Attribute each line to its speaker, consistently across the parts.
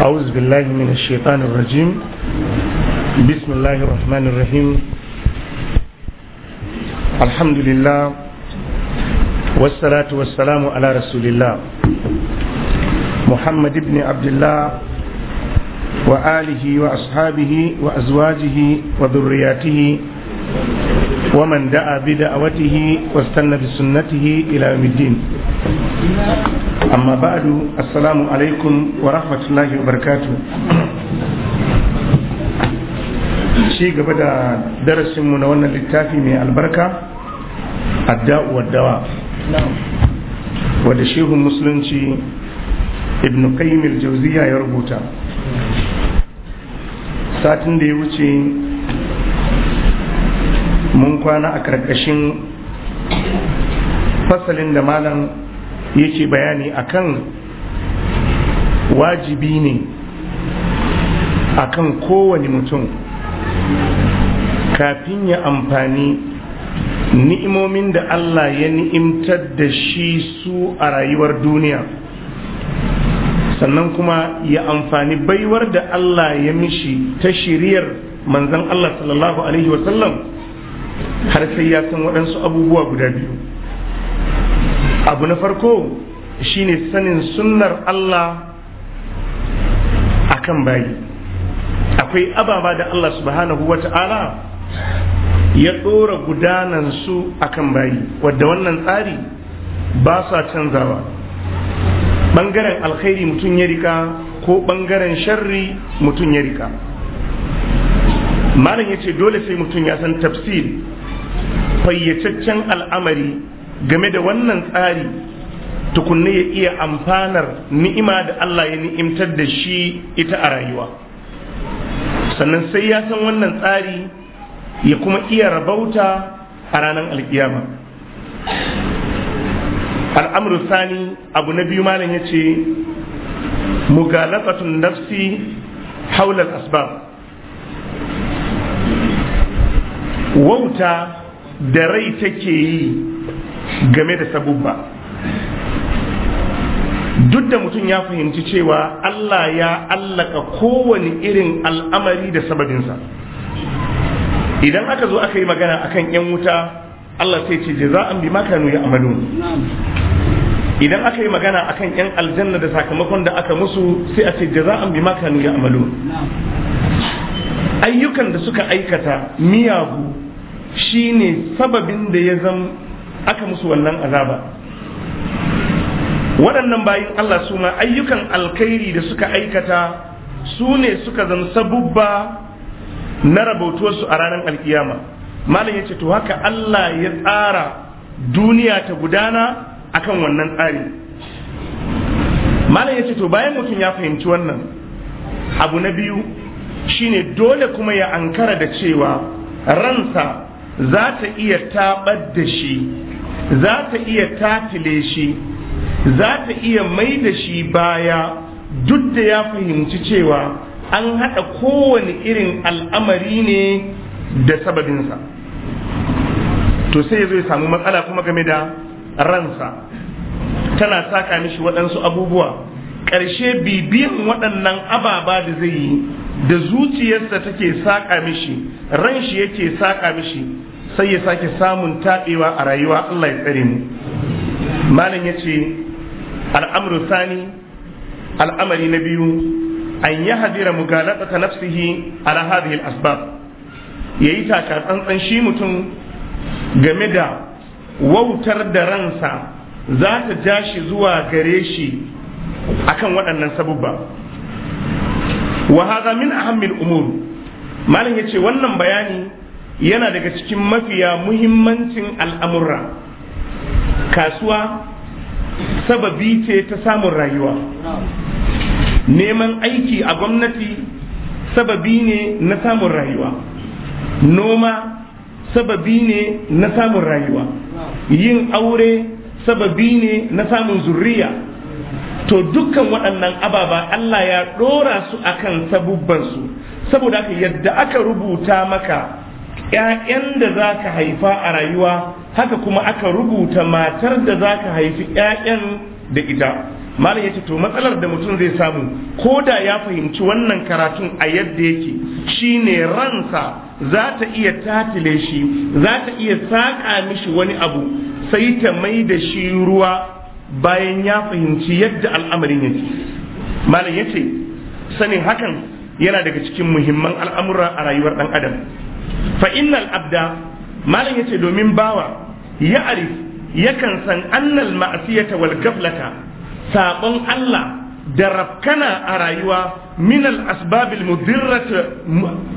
Speaker 1: أعوذ بالله من الشيطان الرجيم بسم الله الرحمن الرحيم الحمد لله والصلاة والسلام على رسول الله محمد بن عبد الله وآله وأصحابه وأزواجه وذرياته ومن دعا بدعوته واستنى بسنته إلى يوم الدين amma ba'du assalamu alaikum wa rahmatullahi wa barakatu shi gaba da darasinmu na wannan littafi mai albarka adda'u dawa wadda shehun musulunci Ibnu qayyim al ya rubuta satin da ya wuce mun kwana a karkashin fasalin da malam yake bayani akan wajibi ne akan kowane mutum kafin ya amfani ni'imomin da Allah ya ni'imtar da shi su a rayuwar duniya sannan kuma ya amfani baiwar da Allah ya mishi ta shiriyar manzan Allah sallallahu Alaihi wasallam har sai ya san waɗansu abubuwa guda biyu abu na farko shine sanin sunnar Allah akan bayi akwai ababa da Allah subhanahu wa ta'ala ya ɗora gudanansu akan bayi wadda wannan tsari ba sa canzawa ɓangaren alkhairi mutum ya rika ko ɓangaren sharri mutum ya rika malam ya ce dole sai mutum ya san tafsir fayyataccen al'amari game da wannan tsari tukunne ya iya amfanar ni'ima da Allah ya ni'imtar da shi ita a rayuwa sannan sai ya san wannan tsari ya kuma iya rabauta a ranar alkiyama al'amur sani abu na biyu malam ya ce mugalabatun nafsi haular asbab wauta da rai take yi game da sabubba duk da mutum ya fahimci cewa Allah ya allaka kowane irin al'amari da sababinsa idan aka zo aka yi magana akan 'yan wuta Allah sai ce jaza'an bi makanu ya amalu idan aka yi magana akan 'yan aljanna da sakamakon da aka musu sai a ce jaza'an bi makanu ya amalu ayyukan da suka aikata miyagu shine sababin da ya zama aka musu wannan azaba waɗannan bayin Allah suna ayyukan alkhairi da suka aikata su ne suka zan sabubba na rabautuwarsu a ranar alkiyama malam ya ce to haka Allah ya tsara duniya ta gudana akan wannan tsari malam ya ce to bayan mutum ya fahimci wannan abu na biyu shine dole kuma ya ankara da cewa ransa za ta iya taɓar da shi za ta iya tatile shi za ta iya mai da shi baya duk da ya fahimci cewa an haɗa kowane irin al'amari ne da sababinsa to sai zai samu matsala kuma game da ransa tana saka mishi waɗansu abubuwa ƙarshe bibiyan waɗannan ababa da zai yi da zuciyarsa take saƙa mishi ran shi yake saƙa mishi sai ya sake samun taɓewa a rayuwa Allah ya tsare mu malam ya ce al'amru sani al'amari na biyu an yi hadira mugalata ta nafsihi ala hadhihi asbab yayi taka tsantsan shi mutum game da wautar da ransa za ta ja shi zuwa gare shi akan waɗannan sabubba wa hadha min ahammil umur malam yace wannan bayani yana daga cikin mafiya muhimmancin al'amurra kasuwa sababi ce ta samun rayuwa neman aiki a gwamnati sababi ne na samun rayuwa noma sababi ne na samun rayuwa yin aure sababi ne na samun zurriya to dukkan waɗannan ababa Allah ya ɗora su akan sabubbansu saboda yadda aka rubuta maka ‘ya'yan da za ka haifa a rayuwa haka kuma aka rubuta matar da za ka haifi ‘ya'yan da ita malam ya ce to matsalar da mutum zai samu ko da ya fahimci wannan karatun a yadda yake shine ransa za ta iya tatile shi za ta iya saƙa mishi wani abu sai ta mai da shi ruwa bayan ya fahimci yadda al'amarin yake malam ya ce sanin hakan yana daga cikin muhimman al'amura a rayuwar ɗan adam fa abda malam yace domin bawa ya arif yakan san annal ma'siyata wal gaflata sabon Allah da rafkana a rayuwa min al asbabil mudirrata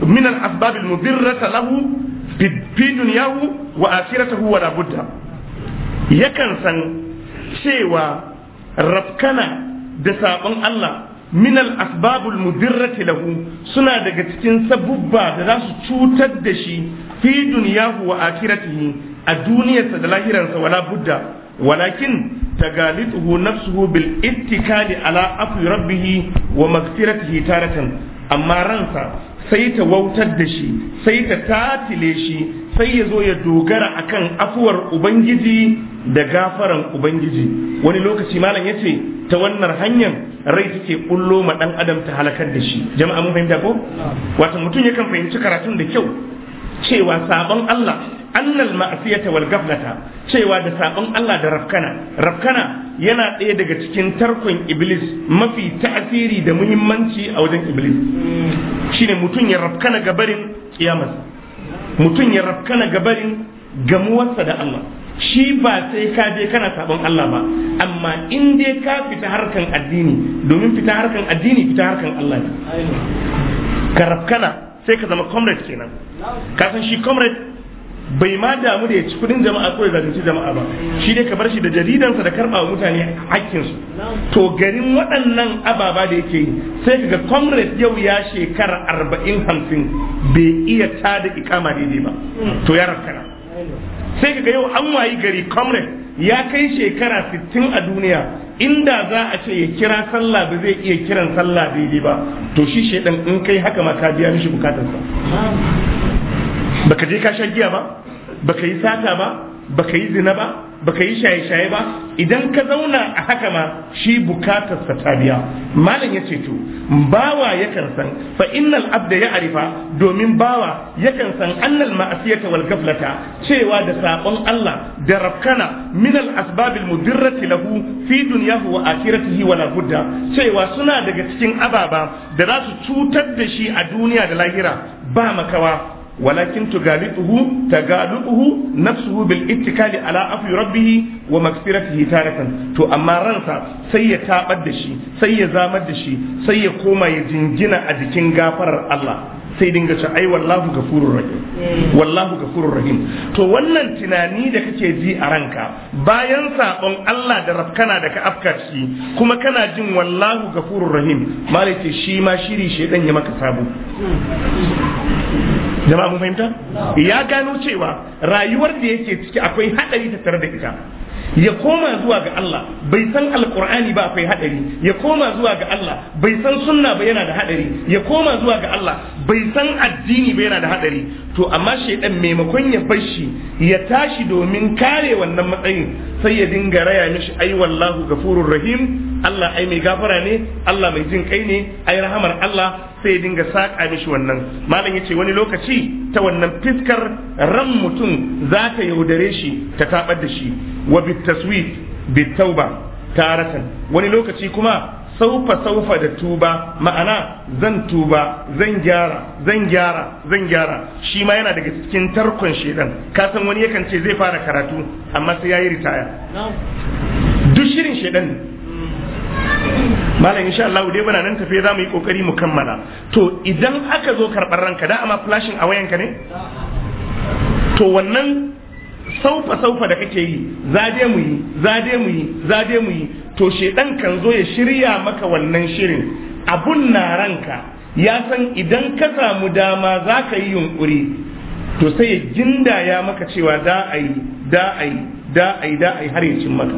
Speaker 1: min al asbabil lahu fi dunyahu wa akhiratahu wa budda yakan san cewa rafkana da sabon Allah min al-asbabul lahu suna daga cikin sabubba da za su cutar da shi fi dunyahu wa akiratihi a duniyarsa da lahiransa wala budda walakin galituhu nafsuhu bil ittikali ala afi rabbihi wa maktiratihi taratan amma ransa sai ta wautar da shi sai ta tatile shi sai ya zo ya dogara a kan afuwar ubangiji da gafaran ubangiji wani lokaci malam ya ce ta wannan hanyar rai take bullo ma ɗan adam ta halakar da shi jama'a mun fahimta ko wato mutum yakan fahimci karatun da kyau cewa sabon Allah annal ma'asiyata wal gaflata cewa da sabon Allah da rafkana rafkana yana ɗaya daga cikin tarkon iblis mafi ta'asiri da muhimmanci a wajen iblis shine mutum ya rafkana gabarin kiyamarsa mutum ya rafkana gabarin gamuwarsa da Allah shi ba sai ka je kana sabon Allah ba amma in dai ka fita harkan addini domin fita harkan addini fita harkan Allah ne ka rafkana sai ka zama comrade kenan ka san shi comrade bai ma damu da ya ci kudin jama'a ko ya zalunci jama'a ba shi dai ka bar shi da jaridansa da karba wa mutane hakkinsu to garin waɗannan ababa da yake yi sai ga comrade yau ya shekara arba'in hamsin bai iya tada ikama daidai ba to ya rafkana sai ga yau an wayi gari comrade ya kai shekara 60 a duniya inda za a ce ya kira sallah ba zai iya kiran sallah daidai ba to shi shaidan in kai haka ma ka biya mishi bukatarsa baka je ka sha giya ba baka yi sata ba baka yi zina ba baka yi shaye-shaye ba idan ka zauna a haka ma shi bukatar sa ta biya malam ya ce to bawa yakan san fa innal abda ya arifa domin bawa yakan san annal ma'asiyata wal gaflata cewa da sabon Allah da rafkana min al asbabil mudirrati lahu fi dunyahu wa akhiratihi wala budda cewa suna daga cikin ababa da za su cutar da shi a duniya da lahira ba makawa ولكن تغالطه تغالطه نفسه بالاتكال على عفو ربه ومغفرته تارة تو أما رنسا سي تابد دشي سي زامد دشي سي sai يجنجنا أجكين da الله sai dinga ce ai wallahu gafurur rahim hmm. wallahu gafurur rahim to wannan tunani da kake ji a ranka bayan sabon Allah da rafkana da ka afka shi kuma kana jin wallahu gafurur rahim shi ma shiri shedan ya maka sabo hmm. jama'a mun fahimta ya gano cewa rayuwar da yake ciki akwai hadari tare da ita ya koma zuwa ga Allah bai san alkur'ani ba akwai hadari ya koma zuwa ga Allah bai san sunna ba yana da haɗari. ya koma zuwa ga Allah bai san addini ba yana da hadari to amma shaidan maimakon ya bashi ya tashi domin kare wannan matsayin sai ya dinga raya mishi ai wallahu gafurur rahim Allah ai mai gafara ne Allah mai jin kai ne ai rahamar Allah sai dinga saƙa mishi wannan malam yace wani lokaci ta wannan fiskar ran mutum za ta yaudare shi ta tabar da shi wa bit bitauba taratan wani lokaci kuma saufa saufa da tuba ma'ana zan tuba zan gyara zan gyara zan gyara shi ma yana daga cikin tarkon shedan ka san wani yakan ce zai fara karatu amma sai yayi ritaya duk shirin shedan malam insha Allah dai bana nan tafe zamu yi kokari mu kammala to idan aka zo karbar ranka da ama flashing a wayanka ne to wannan saufa saufa da kake yi zade mu yi zade mu yi zade mu yi to shedan kan zo ya shirya maka wannan shirin abun na ranka ya san idan ka samu dama za ka yi yunkuri to sai ya gindaya maka cewa da a yi da a yi da a yi har ya cin maka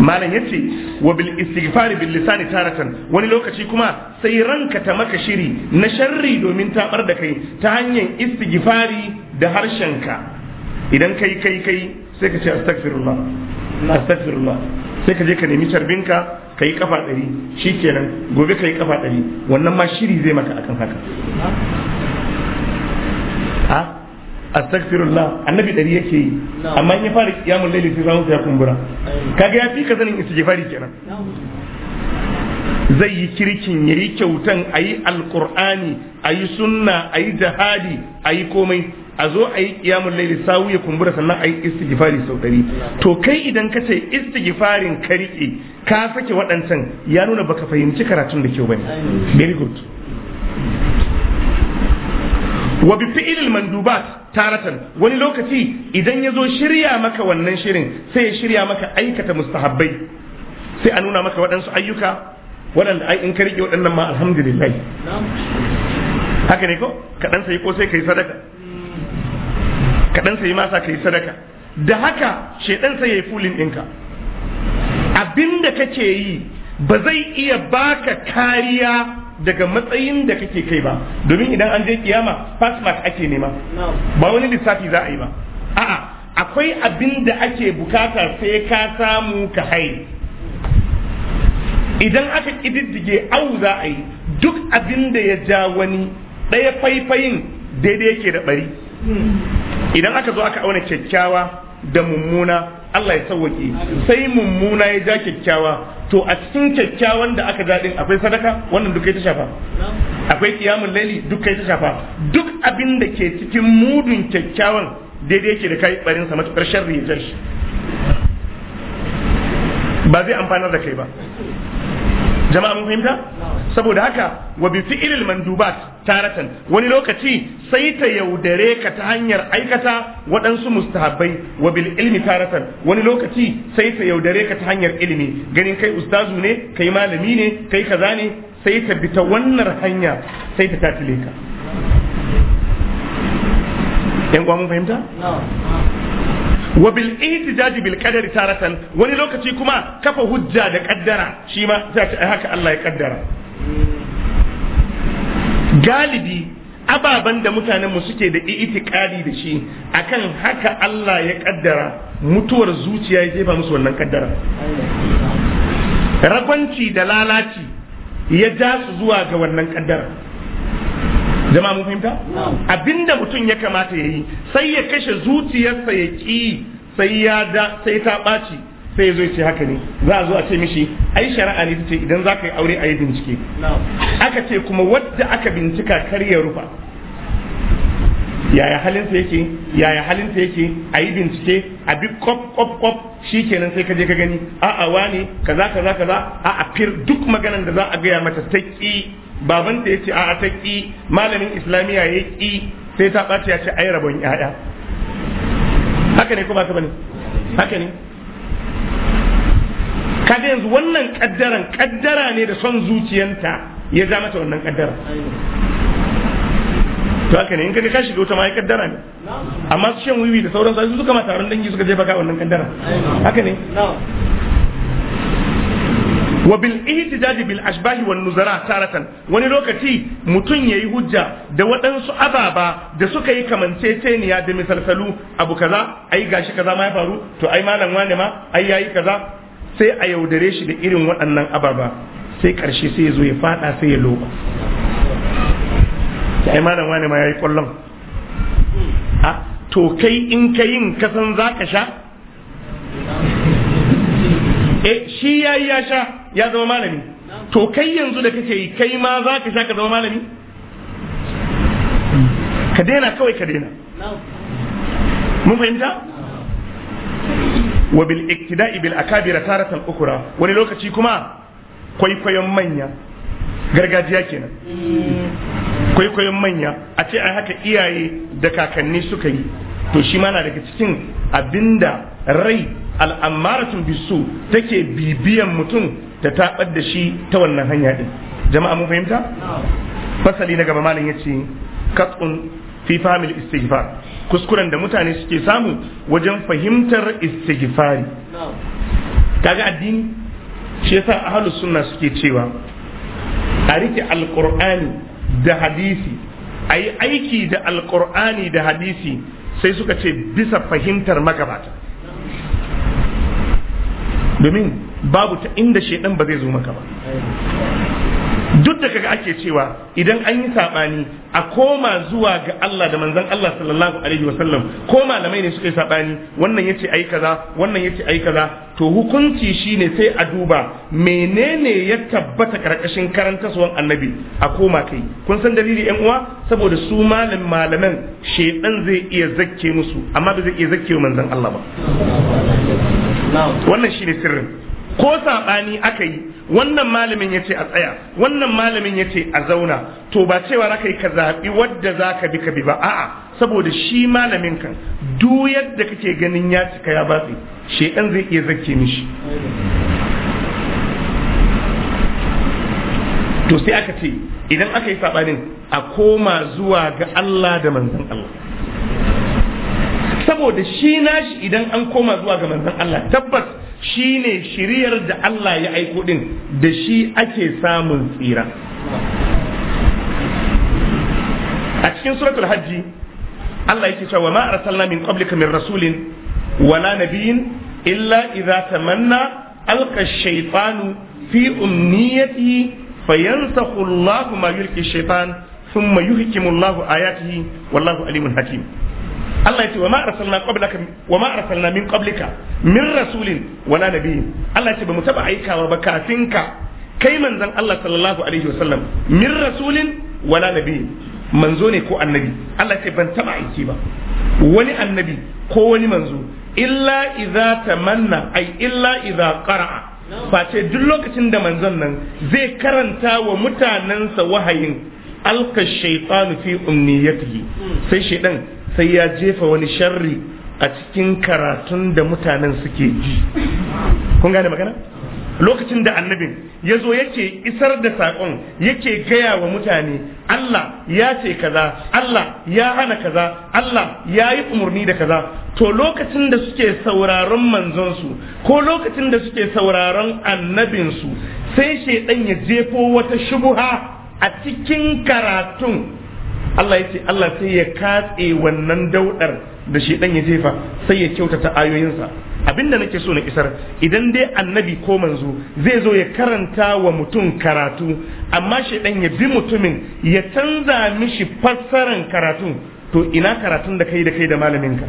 Speaker 1: malam yace wa bil istighfar bil lisan taratan wani lokaci kuma sai ranka ta maka shiri na sharri domin tabar da kai ta hanyar istighfari da harshenka idan kai kai kai sai ka ce astaghfirullah astaghfirullah sai ka je ka nemi tarbinka ka yi kafa ɗari shikenan gobe ka kafa ɗari wannan ma shiri zai maka akan haka ah? astaghfirullah annabi dari yake yi amma in ya fara kiyamul laili sai zamu ya kumbura kaga ya fi ka sanin istighfari kenan zai yi kirkin ya yi kyautan a yi alkur'ani a yi sunna a yi jihadi a yi komai a zo a yi kiyamun laili sawu ya kumbura sannan a yi istighfari sau ɗari to kai idan ka ce istighfarin ka riƙe ka sake waɗancan ya nuna baka fahimci karatun da kyau bane very good wa bi fi'il mandubat taratan wani lokaci idan ya zo shirya maka wannan shirin sai ya shirya maka aikata mustahabbai sai a nuna maka waɗansu ayyuka waɗanda ai in ka rike waɗannan ma alhamdulillah haka ne ko ka dan sayi ko sai kai sadaka ka dan sayi masa kai sadaka da haka shedan sai yayi fulin ɗinka abinda kake yi ba zai iya baka kariya daga matsayin da kake kai ba domin idan an je kiyama fast mark ake nema ba wani lissafi za a yi ba a'a akwai abin da ake bukata sai ka samu ka hai idan aka ƙididdige au za a yi duk abin da ya ja wani ɗaya faifayin daidai yake da ɓari idan aka zo aka auna kyakkyawa da mummuna Allah ya sauwake sai mummuna ya ja kyakkyawa to a cikin kyakkyawan da aka ja din akwai sadaka wannan duk shafa akwai kiyamul laili duk kai ta shafa duk abin da ke cikin mudun kyakkyawan daidai yake da kai barin sa matukar sharri ya shi ba zai amfanar da kai ba jama'a mun fahimta saboda haka wa bi fi'ilil mandubat taratan wani lokaci sai ta yaudare ka ta hanyar aikata waɗansu mustahabbai wa bil ilmi taratan wani lokaci sai ta yaudare ka ta hanyar ilimi ganin kai ustazu ne kai malami ne kai kaza ne sai ta bi ta wannan hanya sai ta tatile ka yan mun fahimta wa bil ihtijaji bil qadari taratan wani lokaci kuma kafa hujja da kaddara shi ma haka Allah ya kaddara galibi ababen da mutanenmu suke da itikadi da shi akan haka Allah ya kaddara mutuwar zuciya ya jefa musu wannan kaddara Ragonci da lalaci ya ja su zuwa ga wannan kaddara jama'a mun fahimta abinda mutum ya kamata ya yi sai ya kashe zuciyarsa ya ƙi sai ya da sai ta ɓaci sai zo ce haka ne za a zo a ce mishi ai shari'a ne ta ce idan za ka yi aure a yi bincike aka ce kuma wadda aka bincika karya rufa yaya halinta yake yaya halinta yake a yi bincike a bi kop kop kop shi kenan sai ka je ka gani a'a wani kaza kaza kaza a'a fir duk maganan da za a gaya mata ta ƙi baban ya yace a'a ta ƙi malamin islamiyya ya ƙi sai ta ɓace ya ce ai rabon 'ya'ya haka ne ko ba ta bane haka ne kaga yanzu wannan kaddaran kaddara ne da son zuciyanta ya ja mata wannan kaddara to haka ne in kaga ka shiga wuta ma ya kaddara ne amma su shan wiwi da sauran su suka mata taron dangi suka jefa ka wannan kaddara haka ne wa bil ihtijaj bil ashbah wal nuzara taratan wani lokaci mutum yayi hujja da waɗansu ababa da suka yi kamance kamanceceniya da misalsalu abu kaza ai gashi kaza ma ya faru to ai malam wane ma ai yayi kaza sai a yaudare shi da irin waɗannan ababa sai ƙarshe sai ya zo ya faɗa sai ya loko yi malam wani ma ya yi ƙwallon a to kai in ka yin kasan za ka sha e shi ya yi ya sha ya zama malami to kai yanzu da kake yi kai ma za ka sha ka zama malami ka daina kawai ka daina mun fahimta wa bil iktida'i bil akabira taratan ukura wani lokaci kuma kwaikwayon manya gargajiya kenan kwaikwayon manya a ce a haka iyaye da kakanni suka yi to shi ma na daga cikin abinda rai al'ammaratun bisu take bibiyan mutum ta tabar da shi ta wannan hanya din jama'a mun fahimta fasali na gaba malam yace kat'un fi famil istighfar kuskuren da mutane suke samu wajen fahimtar istighfari kaga addini shi yasa ahlus sunna suke cewa a rike alqur'ani da hadisi a aiki da alqur'ani da hadisi sai suka ce bisa fahimtar magabata domin babu ta inda shaidan ba zai zo maka ba duk da kaga ake cewa idan an yi sabani a koma zuwa ga Allah da manzon Allah sallallahu alaihi wasallam ko malamai ne suka yi sabani wannan yace ai kaza wannan yace ai kaza to hukunci shine sai a duba menene ya tabbata karkashin karantaswan annabi a koma kai kun san dalili yan uwa saboda su malam malaman shedan zai iya zakke musu amma ba zai iya zakke manzon Allah ba wannan shine sirrin ko saɓani aka yi wannan malamin ya ce a tsaya wannan malamin ya ce a zauna to ba cewa raka yi ka zaɓi wadda za ka bi ka bi ba a'a saboda shi malamin kan duk yadda kake ganin ya cika ya batsi shekan zai iya zake mishi to sai aka ce idan aka yi saɓanin a koma zuwa ga Allah da manzon Allah saboda shi nashi idan an koma zuwa ga manzon Allah tabbas shi ne shiriyar da Allah ya aiko ɗin da shi ake samun tsira a cikin suratul hajji Allah yake cewa ma arsalna min qablika min rasulin wala nabiyyin illa idza tamanna alqa ash-shaytanu fi umniyati fayansakhu Allahu ma yulqi ash-shaytan thumma yuhkimu Allahu ayatihi wallahu alimun hakim Allah ya ce wa ma arsalna min qablika min rasulin wala nabiyyin Allah ya ce bamu taba aikawa ba kafin ka kai manzon Allah sallallahu alaihi wasallam min rasulin wala nabiyyin manzo ne ko annabi Allah ya ce ban taba aiki ba wani annabi ko wani manzo illa idza tamanna ai illa idza qara'a face duk lokacin da manzon nan zai karanta wa mutanensa wahayin alka shaitanu fi umniyatihi sai shaidan sai ya jefa wani sharri a cikin karatun da mutanen suke ji kun gane magana lokacin da annabin ya zo yake isar da saƙon yake gaya wa mutane Allah ya ce kaza Allah ya hana kaza Allah ya yi umarni da kaza to lokacin da suke sauraron manzonsu ko lokacin da suke sauraron annabinsu sai shaidan ya jefo wata shubuha a cikin karatun Allah ya ce Allah sai ya katse wannan daudar da shi dan ya jefa sai ya kyautata ayoyinsa abinda nake so na isar idan dai annabi ko manzo zai zo ya karanta wa mutum karatu amma shi dan ya bi mutumin ya canza mishi fassaran karatun to ina karatun da kai da kai da malaminka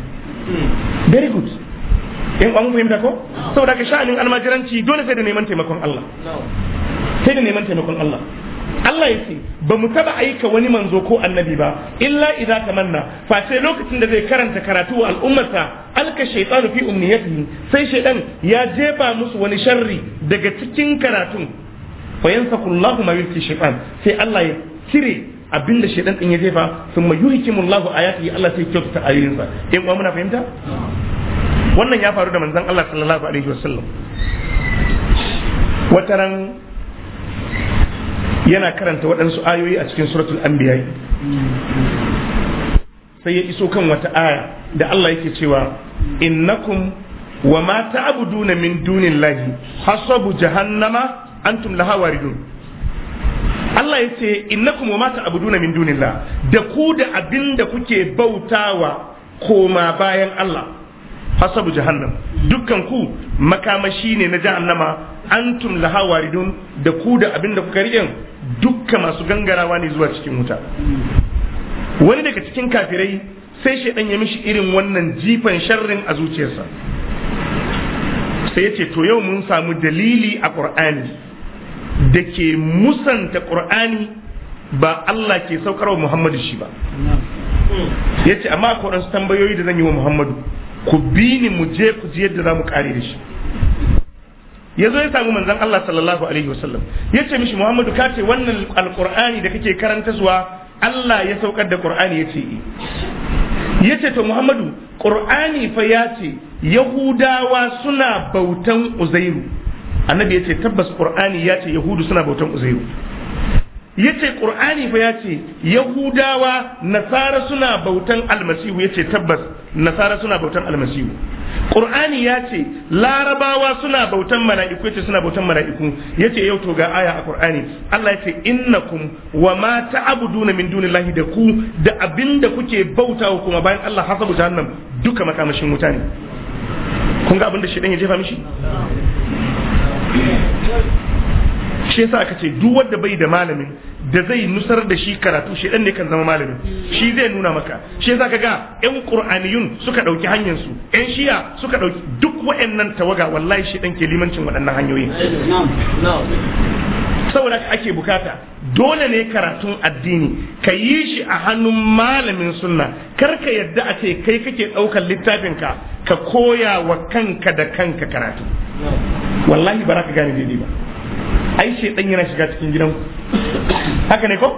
Speaker 1: very good in an fahimta ko saboda ka sha'anin almajiranci dole sai da neman taimakon Allah sai da neman taimakon Allah Allah ya ce ba mu taba aika wani manzo ko annabi ba illa idza tamanna fa sai lokacin da zai karanta karatu al'ummata alka shaytanu fi umniyatihi sai shaydan ya jefa musu wani sharri daga cikin karatun fa yansakullahu ma yulki shaytan sai Allah ya cire abinda shaydan din ya jefa thumma yuhkimullahu ayatihi Allah sai kyautata ayoyinsa in kuma muna fahimta wannan ya faru da manzon Allah sallallahu alaihi wasallam wataran yana karanta waɗansu ayoyi a cikin suratul anbiya sai ya iso kan wata aya da Allah yake cewa innakum wa ma ta'buduna min dunillahi hasabu jahannama antum laha waridun Allah ya ce innakum wa ma ta'buduna min dunillah da ku da abinda kuke bautawa koma bayan Allah hasabu jahannam dukkan ku makamashi ne na jahannama antum laha waridun da ku da abin da kuka riƙe dukka masu gangarawa ne zuwa cikin wuta wani daga cikin kafirai sai shaidan ya mishi irin wannan jifan sharrin a zuciyarsa sai ya ce to yau mun samu dalili a ƙur'ani da ke musanta ƙur'ani ba Allah ke saukarwa Muhammadu shi ba ya ce amma akwai tambayoyi da zan yi wa Muhammadu ku bi ni mu je ku ji yadda za mu kare da shi ya zo ya samu manzan Allah sallallahu alaihi wasallam ya ce mishi Muhammadu ka ce wannan alqur'ani da kake karanta zuwa Allah ya saukar da qur'ani ya ce eh. ya ce to Muhammadu qur'ani fa ya ce Yahudawa suna bautan Uzairu annabi ya ce tabbas qur'ani ya ce Yahudu suna bautan Uzairu ya ce ƙur'ani fa ya ce yahudawa nasara suna bautan almasihu ya ce tabbas nasara suna bautan almasihu qur'ani ya ce larabawa suna bautan mala'iku yace suna bautan mala'iku yace yau to ga aya a qur'ani Allah yace ce innakum wa ma ta'buduna min dunillahi da ku da abinda kuke bautawa kuma bayan Allah hasabu jahannam duka makamashin wuta ne kun ga abinda shedan ya jefa mishi shi yasa aka ce duk wanda bai da malamin da zai nusar da shi karatu shi dan ne kan zama malamin shi zai nuna maka shi yasa kaga yan qur'aniyun suka dauki hanyar su yan shiya suka dauki duk waɗannan tawaga wallahi shi dan ke limancin waɗannan hanyoyi saboda ake bukata dole ne karatun addini ka yi shi a hannun malamin sunna kar ka yadda a ce kai kake ɗaukar littafin ka ka koya wa kanka da kanka karatu wallahi ba za ka gane daidai ba ai ɗan yana shiga cikin gidanku haka ne ko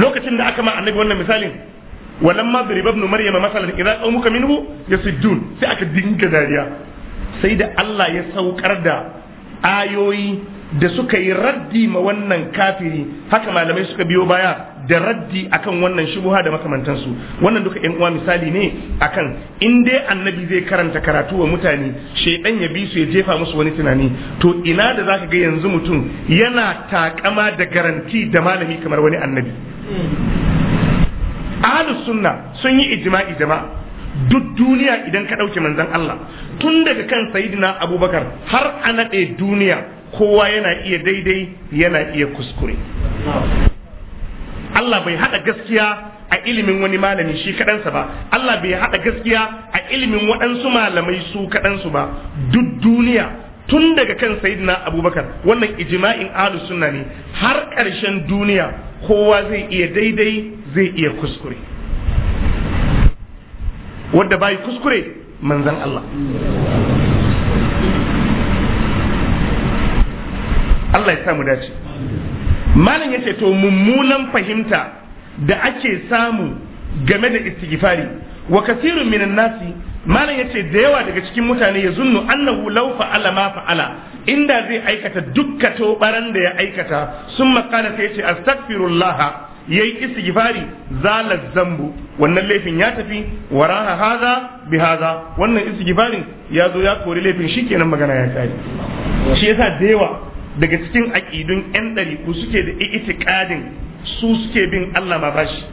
Speaker 1: lokacin da aka ma annabi wannan misalin ma duriba ibn maryama masalan idan qaumuka minhu yasiddun sai aka dinga dariya sai da Allah ya saukar da ayoyi da suka yi raddi ma wannan kafiri haka malamai suka biyo baya da raddi akan wannan shubuha da makamantansu wannan duka yan uwa misali ne akan in dai annabi zai karanta karatu wa mutane shaidan ya bi su ya jefa musu wani tunani to ina da zaka ga yanzu mutum yana takama da garanti da malami kamar wani annabi ahlus sunna sun yi ijma'i jama'a duk duniya idan ka ɗauke manzon Allah tun daga kan Sayyidina abubakar har a naɗe duniya kowa yana iya daidai yana iya kuskure Allah bai haɗa gaskiya a ilimin wani malami shi kaɗansa ba Allah bai haɗa gaskiya a ilimin waɗansu malamai su kaɗansu ba duk duniya tun daga kan sayyidina abubakar wannan ijima'in ahlu sunna ne har ƙarshen duniya kowa zai iya daidai zai iya kuskure wadda bai kuskure manzan Allah Allah ya samu dace malam ya ce to mummunan fahimta da ake samu game da istighfari wa kasirun minan nasi malam ya ce da yawa daga cikin mutane ya zunnu annahu law fa'ala ma fa'ala inda zai aikata dukka tobaran da ya aikata sun makala sai yace astaghfirullah yayi istighfari zala zambu wannan laifin ya tafi waraha haza bi haza wannan istighfarin ya zo ya kori laifin shikenan magana ya tafi, shi yasa da yawa daga cikin aƙidun 'yan ku suke da itikadin su suke bin Allah ma bashi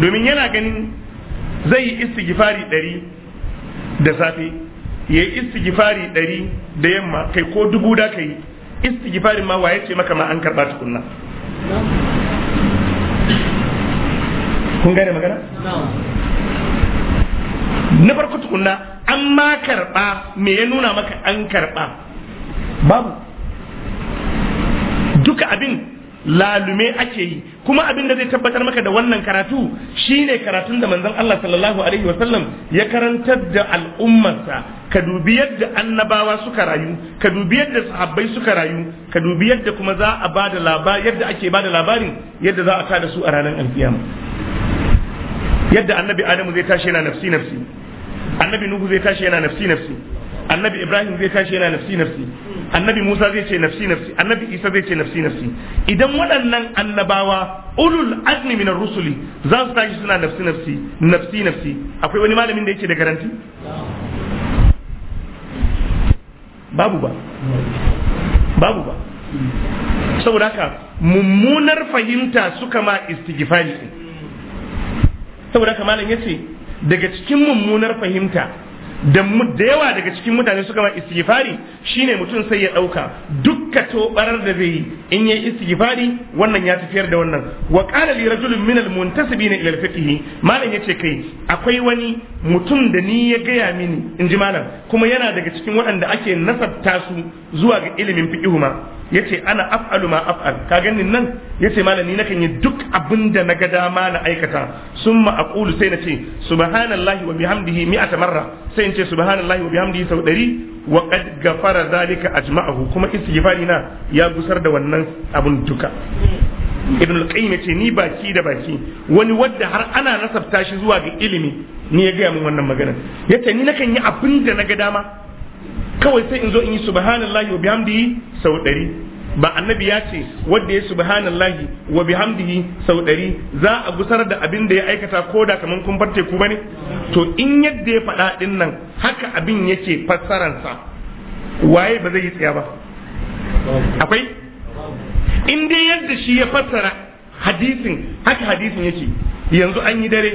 Speaker 1: domin yana ganin zai yi istighfari ɗari da safe ya yi istighfari ɗari da yamma kai ko dubu da kai istighfarin ma waye ce maka ma an karɓa tukunna kun gane magana na farko tukunna an ma karɓa me ya nuna maka an karɓa babu duka abin lalume ake yi kuma abin da zai tabbatar maka da wannan karatu shine karatun da manzon Allah sallallahu alaihi wasallam ya karantar da al'ummarsa ka dubi yadda annabawa suka rayu ka dubi yadda sahabbai suka rayu ka dubi yadda kuma za a bada labari yadda ake bada labarin yadda za a kada su a ranar alkiyama yadda annabi adamu zai tashi yana nafsi nafsi annabi nuhu zai tashi yana nafsi nafsi annabi ibrahim zai tashi yana nafsi nafsi annabi Musa zai ce nafsi nafsi annabi Isa zai ce nafsi nafsi idan waɗannan annabawa ulul azmi minar rusuli za su tashi suna nafsi nafsi nafsi nafsi akwai wani malamin da yake da garanti babu ba babu ba saboda haka mummunar fahimta suka ma istighfari saboda haka malam yace daga cikin mummunar fahimta da yawa daga cikin mutane suka ma istighfari shine mutum sai ya dauka dukka tobarar da zai yi in yayi istighfari wannan ya tafiyar da wannan wa qala li rajulin min al muntasibin ila al fiqh malam yace kai akwai wani mutum da ni ya gaya mini in ji malam kuma yana daga cikin waɗanda ake nasabta su zuwa ga ilimin fiqh yace ana af'alu ma af'al ka gani nan yace malami nakan yi duk abin da ga dama na aikata summa aqulu sai nace subhanallahi wa bihamdihi mi'ata marra sai nace subhanallahi wa bihamdihi sau dari wa qad ghafara zalika ajma'ahu kuma istighfari na ya gusar da wannan abun duka ibn al-qayyim yace ni baki da baki wani wanda har ana nasabta shi zuwa ga ilimi ni ya gaya min wannan magana yace ni nakan yi abin da na ga dama kawai sai in zo in yi subhanallahi wa bihamdihi sau ɗari ba annabi ya ce wanda ya subhanallahi wa bihamdihi sau ɗari za a gusar da abin da ya aikata ko da kaman kun bar teku bane to in yadda ya faɗa ɗin nan haka abin yake fassaransa waye ba zai yi tsaya ba akwai in dai yadda shi ya fassara hadisin haka hadisin yake yanzu an yi dare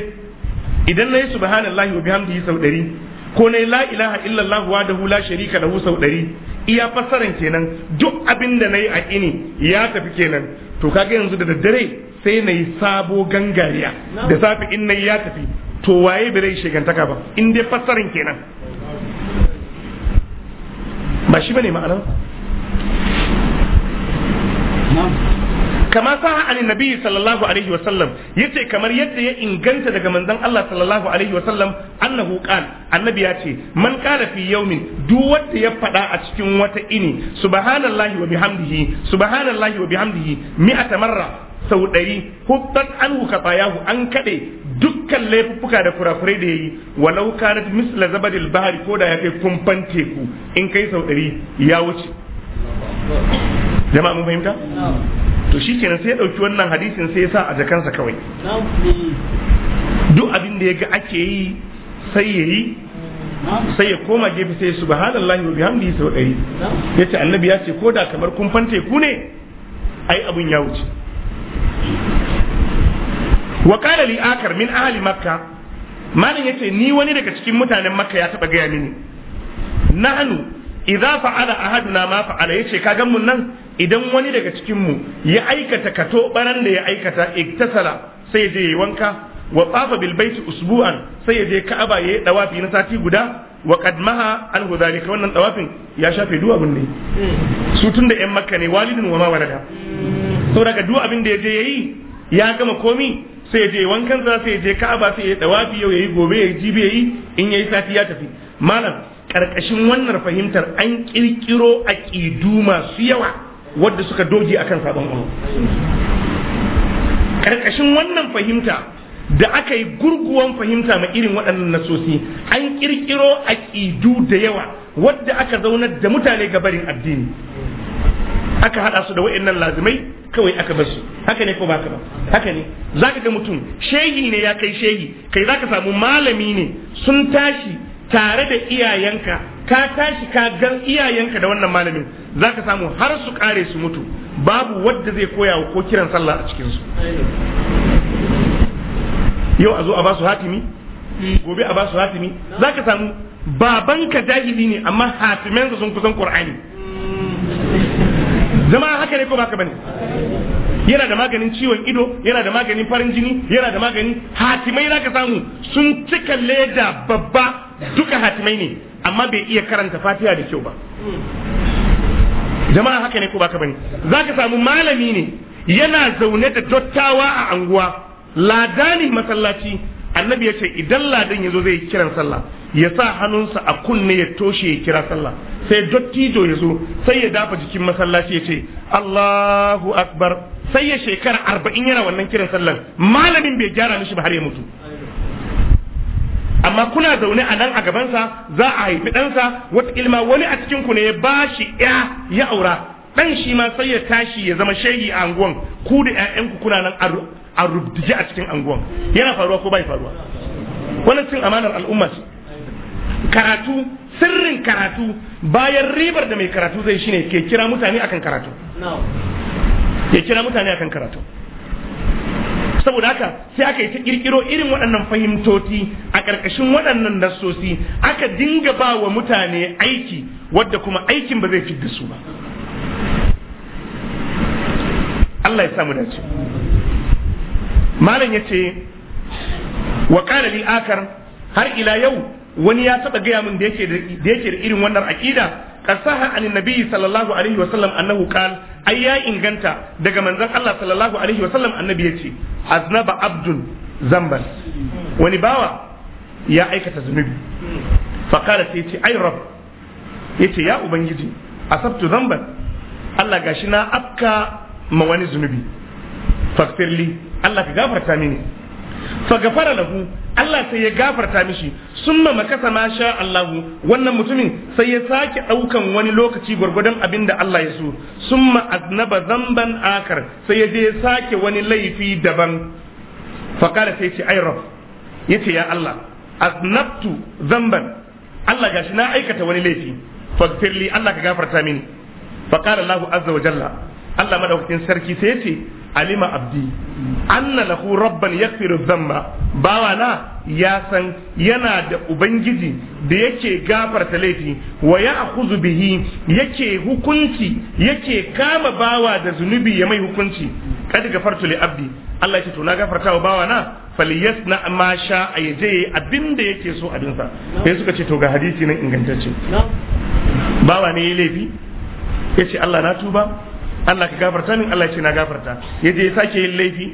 Speaker 1: idan na yi subhanallahi wa bihamdihi sau ɗari ko ne la ilaha illallah dahu la sharika lahu sau dari iya fassaran kenan duk abin da nayi a ini ya tafi kenan to kaga yanzu da daddare sai nayi sabo gangariya da safi in nayi ya tafi to waye bai shigantaka ba in dai fassaran kenan ba shi bane ma'anar kama saha an nabi sallallahu alaihi wasallam yace kamar yadda ya inganta daga manzon Allah sallallahu alaihi wasallam annahu qal annabi ya ce man qala fi yawmin duk wanda ya fada a cikin wata ini subhanallahi wa bihamdihi subhanallahi wa bihamdihi mi'ata marra sau ɗari hubbat anhu katayahu an kaɗe dukkan laifuffuka da kurakurai da yayi walau kanat misla zabadil bahari ko da ya kai kumfan teku in kai sau ɗari ya wuce jama'a mun fahimta to shi kenan sai ya ɗauki wannan hadisin sai ya sa a jakansa kawai duk abin da ya ga ake yi sai ya yi sai ya koma gefe sai subhanallahi wa yi sau ɗari yace annabi ya ce da kamar kun fante ku ne ai abun ya wuce wa qala li'akar min ahali makka malam yace ni wani daga cikin mutanen makka ya taɓa gaya mini hannu. idza fa'ala ahaduna ma fa'ala yace ka gan mun nan idan wani daga cikin mu ya aikata kato baran da ya aikata iktasala sai je yi wanka wa tafa bil baiti usbu'an sai ya je ka'aba yayi dawafi na sati guda wa qad maha an hudhalika wannan dawafin ya shafe duwa ne su tunda yan makka ne walidin wa ma walada to daga duk abin da ya je yayi ya gama komi sai je wankan za sai je ka'aba sai ya dawafi yau yayi gobe yayi jibi yayi in yayi sati ya tafi malam ƙarƙashin wannan fahimtar an ƙirƙiro aƙidu masu yawa wadda suka doge akan sabon Allah ƙarƙashin wannan fahimta da aka yi gurguwan fahimta ma irin waɗannan nasosi an ƙirƙiro aƙidu da yawa wadda aka zaunar da mutane gabarin addini aka haɗa su da nan lazimai kawai aka bar su haka ne ko ba ka ba haka ne Za ka ga mutum shehi ne ya kai shehi kai za zaka samu malami ne sun tashi tare da iyayenka ka tashi ka gan iyayenka da wannan malamin za ka samu har su kare su mutu babu wadda zai koya wa ko kiran sallah a cikin su yau a zo a basu hatimi gobe a basu hatimi Za ka samu babanka jahili ne amma hatimensa sun kusan qur'ani zama haka ne ko baka bane yana da maganin ciwon ido yana da maganin farin jini yana da maganin hatimai za ka samu sun cika leda babba duka hatimai ne amma bai iya karanta fatiha da kyau ba jama'a haka ne ko baka bane zaka samu malami ne yana zaune da dottawa a anguwa ladani masallaci annabi ya ce idan ladan ya zo zai kiran sallah ya sa hannunsa a kunne ya toshe ya kira sallah sai dottijo ya zo sai ya dafa jikin masallaci ya ce Allahu akbar sai ya shekara arba'in yana wannan kiran sallan malamin bai gyara mishi ba har ya mutu amma kuna zaune a nan a gabansa za a haifi ɗansa wata ilma wani a cikin ku ne ya bashi ya ya aura dan shi ma sai ya tashi ya zama shehi a anguwan ku da ƴaƴanku kuna nan a rubdije a cikin anguwan yana faruwa ko bai faruwa wannan cin amanar al'umma karatu sirrin karatu bayan ribar da mai karatu zai shine ke kira mutane akan karatu ya kira mutane akan karatu saboda haka sai aka yi ta kirkiro irin waɗannan fahimtoti a ƙarƙashin waɗannan nassosi aka dinga ba wa mutane aiki wadda kuma aikin ba zai fi da su ba Allah ya samu dace malam ya ce wa ƙara akar har ila yau wani ya taɓa gaya min da yake da irin wannan aƙida قد صح عن النبي صلى الله عليه وسلم أنه قال أي إنغنتا دقا من ذن الله صلى الله عليه وسلم النبي يتي أذنب عبد ذنبا ونباوة يا أيكة ذنبي فقال سيتي أي رب يتي يا أبنجي أصبت ذنبا الله قاشنا أبكى مواني ذنبي فاغفر لي الله كغفر تاميني فغفر له Allah sai ya gafarta mishi summa makasa ma sha Allahu wannan mutumin sai ya sake daukan wani lokaci gwargwadon abin da Allah ya so summa aznaba zamban akar sai ya je ya sake wani laifi daban faqala sai ce ay rabb yace ya Allah aznabtu zamban Allah gashi na aikata wani laifi faghfirli Allah ka gafarta mini faqala Allahu azza wa jalla Allah madaukakin sarki sai ya ce alima abdi anna lahu rabban yaghfiru dhanba bawa na ya san yana da ubangiji da yake gafarta laifi wa ya ya'khudhu bihi yake hukunci yake kama bawa da zunubi ya mai hukunci kad gafartu li abdi Allah ya to na gafarta wa bawana na falyasna ma sha ayaje abinda yake so abinsa sai suka ce to ga hadisi nan ingantacce bawa ne ya laifi yace Allah na tuba Allah ka gafarta min Allah ce na gafarta ya je sake yin laifi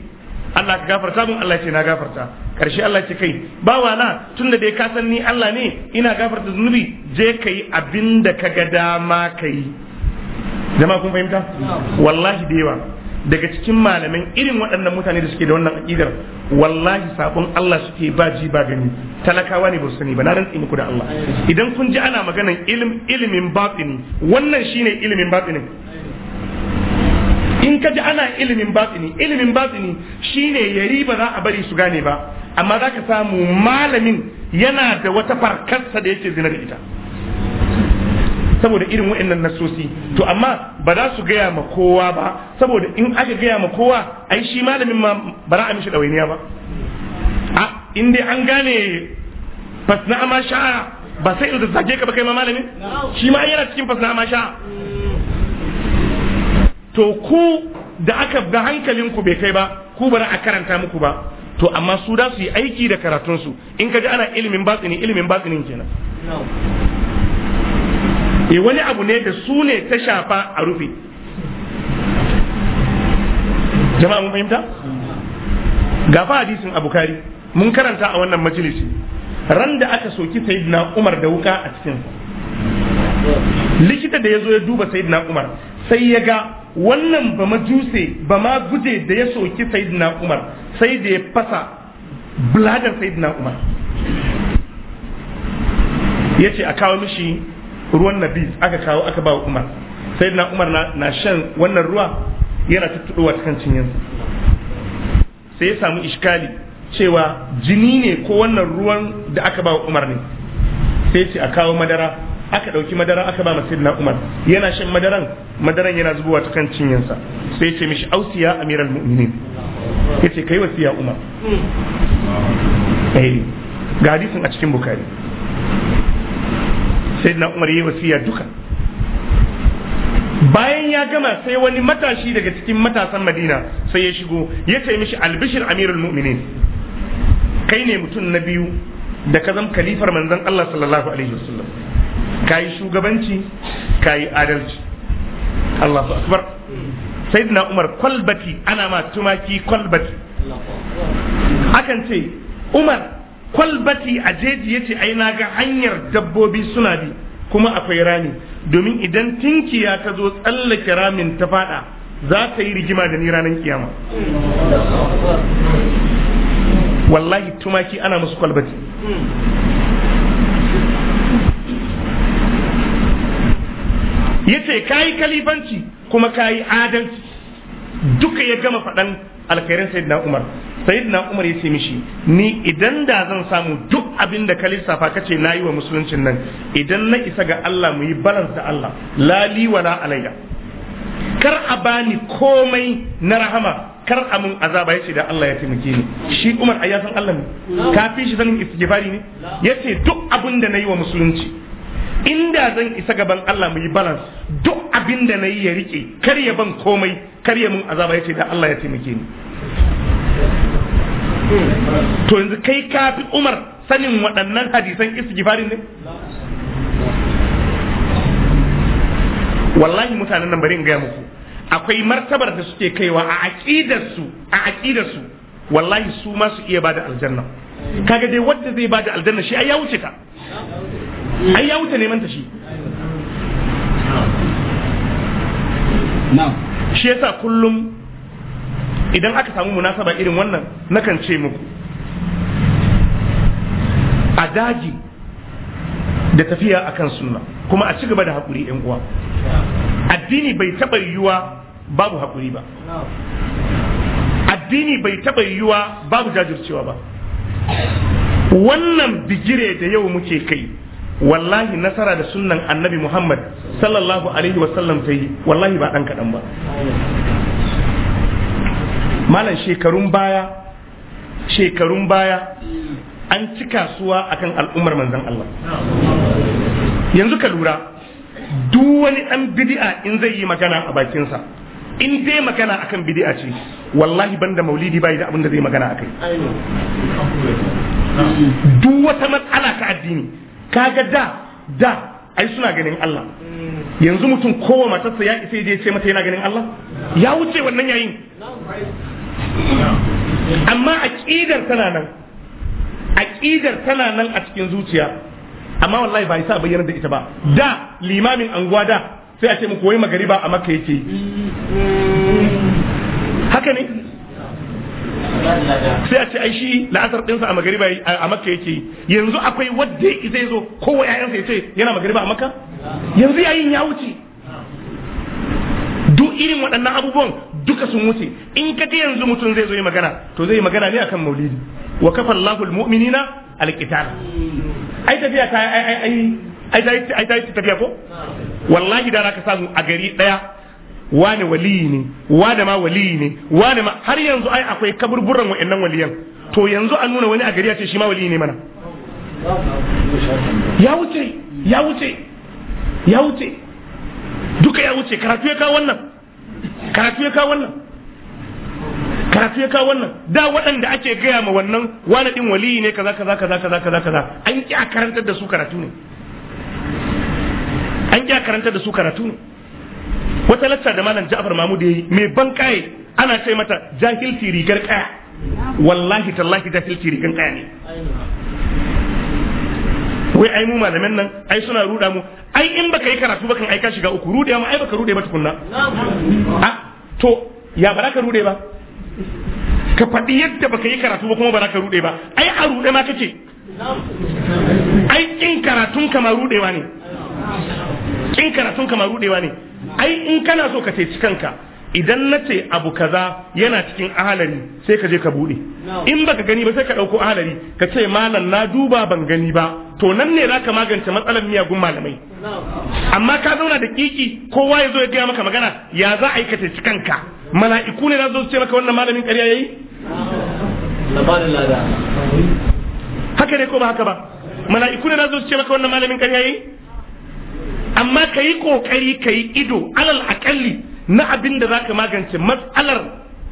Speaker 1: Allah ka gafarta min Allah ce na gafarta karshe Allah ce kai Ba wala tun da dai ka san ni Allah ne ina gafarta zunubi je kai abin da ka ga dama kai jama'a kun fahimta wallahi da yawa daga cikin malamin irin waɗannan mutane da suke da wannan aƙidar wallahi sabon Allah suke ba ji ba gani talakawa ne ba su sani ba na rantsi muku da Allah idan kun ji ana maganan ilimin batini wannan shine ilimin batinin in ka ji ana ilimin batini ilimin batini shine yari ba za a bari su gane ba amma za ka samu malamin yana da wata farkarsa da yake zinar ita saboda irin wa'annan nasosi to amma ba za su gaya ma kowa ba saboda in aka gaya ma kowa ai shi malamin ma ba za a mishi ɗawainiya ba a in dai an gane fasna ma sha'a ba sai in zage ka ba kai ma malamin shi ma yana cikin fasna ma sha'a to ku da aka ga hankalinku bai kai ba ku bari a karanta muku ba to amma su da su yi aiki da karatunsu in ka ji ana ilimin batsini ilimin batsinin kenan e wani abu ne da su ne ta shafa a rufe jama'a mun fahimta Ga fa hadisin abukari mun karanta a wannan majalisi ran da aka soki sayyidina umar da wuka a cikin likita da ya zo ya duba sayyidina umar sai ya ga wannan ba ma juse ba ma guje da ya soki sayyidina umar sai da ya fasa bladar sayyidina umar ya ce a kawo mishi ruwan nabi aka kawo aka ba umar sayyidina umar na shan wannan ruwa yana tuttuɗowa cikin yanzu. sai ya samu ishkali cewa jini ne ko wannan ruwan da aka ba umar ne sai ce a kawo madara aka ɗauki madara aka ba masir na umar yana shan madaran madaran yana zubowa ta kan cinyansa sai ce mishi ausiya amiral mu'minin ya ce kai wasiya umar ɗaya eh, ga hadisin a cikin bukari sai na umar yi wasiya duka bayan ya gama sai wani matashi daga cikin matasan madina sai ya shigo ya ce mishi albishir amirul mu'minin kai ne mutum na biyu da ka zama kalifar manzon Allah sallallahu alaihi wasallam kayi shugabanci kayi adalci Allahu akbar sayyidina Umar kwalbati ana ma tumaki kwalbati akan ce Umar kwalbati a jeji yace ai na ga hanyar dabbobi suna bi kuma akwai rami domin idan tinkiya ta zo tsallake ramin ta fada za ta yi rigima da ni ranar kiyama wallahi tumaki ana musu kwalbati yace kayi kalifanci kuma kayi adalci duka ya gama faɗan alkhairin sayyidina Umar sayyidina Umar yace mishi ni idan da zan samu duk abin da ka lissafa kace nayi wa musuluncin nan idan na isa ga Allah mu yi da Allah lali wala alayya kar a bani komai na rahama kar a mun azaba yace da Allah ya taimake ni shi Umar ai Allah ne kafin shi sanin istighfari ne yace duk abin da nayi wa musulunci inda zan isa gaban Allah mu yi balance duk abin da na yi ya rike kar ya ban komai kar ya mun azaba yace da Allah ya taimake ni to yanzu kai ka Umar sanin waɗannan hadisan istighfarin ne wallahi mutanen nan bari in gaya muku akwai martabar da suke kaiwa a aqidarsu a aqidarsu wallahi su ma su iya bada aljanna kaga dai wanda zai bada aljanna shi ai ya wuce ka ai ya wuce neman ta shi shi yasa kullum idan aka samu munasaba irin wannan nakan ce muku a daji da tafiya a kan suna kuma a ci gaba da haƙuri yan uwa addini bai taɓa yiwuwa babu haƙuri ba addini bai taɓa yiwuwa babu jajircewa ba wannan bigire da yau muke kai wallahi nasara da sunnan annabi Muhammad sallallahu alaihi wasallam ta yi wallahi ba ɗan kaɗan ba malam shekarun baya shekarun baya an ci kasuwa akan al'ummar manzan Allah yanzu ka lura duk wani ɗan bid'a in zai yi magana a bakinsa in dai magana akan bid'a ce wallahi banda maulidi bai da abin da zai magana akai duk wata matsala ta addini kaga da da ai suna ganin Allah yanzu mutum kowa matarsa ya isa je ce mata yana ganin Allah ya wuce wannan yayin amma aqidar tana nan aqidar tana nan a cikin zuciya amma wallahi ba isa bayyana da ita ba da limamin anguwa da sai a ce muku wai magariba a makka yake haka ne sai a ce ai shi la'asar dinsa a magariba a makka yake yanzu akwai wadda zai zo kowa ƴaƴansa ya ce yana magariba a makka yanzu yayin ya wuce duk irin waɗannan abubuwan duka sun wuce in ka ga yanzu mutum zai zo yi magana to zai yi magana ne akan maulidi wa kafa Allahul mu'minina alqital ai tafiya ta ai ai ai ai ta tafiya ko wallahi da za ka samu a gari daya wane waliyi ne wane ma waliyi ne wane ma har yanzu ai akwai kaburburan wa'annan waliyan to yanzu an nuna wani a gari ya ce shi ma waliyi ne mana ya wuce ya wuce ya wuce duka ya wuce karatu ya kawo wannan karatu ya kawo wannan karatu ya kawo wannan da waɗanda ake gaya ma wannan wani ɗin waliyi ne kaza kaza kaza kaza kaza kaza an ƙi a karantar da su karatu ne an ƙi a karantar da su karatu ne wata lacca da malam Ja'far Mahmud yayi mai ban kai ana ce mata jahilci rigar kaya wallahi tallahi jahilci rigar kaya ne wai ai mu malamin nan ai suna ruda mu ai in baka yi karatu bakan aika shiga uku rude mu ai baka rude ba tukunna a ah, to ya baraka rude ba ka faɗi yadda baka yi karatu ba kuma ka rude ba ai a rude ma kake ai kin karatun kama rudewa ne kin karatun kama rudewa ne ai in kana so ka ceci kanka idan na ce abu kaza yana cikin ahalari sai ka je ka bude in baka gani ba sai ka dauko ahalari ka ce malam na duba ban gani ba to nan ne zaka magance matsalar miyagun malamai amma ka zauna da kiki kowa ya zo ya gaya maka magana ya za a yi ka ceci kanka mala'iku ne za su ce maka wannan malamin ƙarya yayi haka ne ko ba haka ba mala'iku ne za su ce maka wannan malamin ƙarya yayi amma ka yi ƙoƙari ka yi ido alal aƙalli na abin da za ka magance matsalar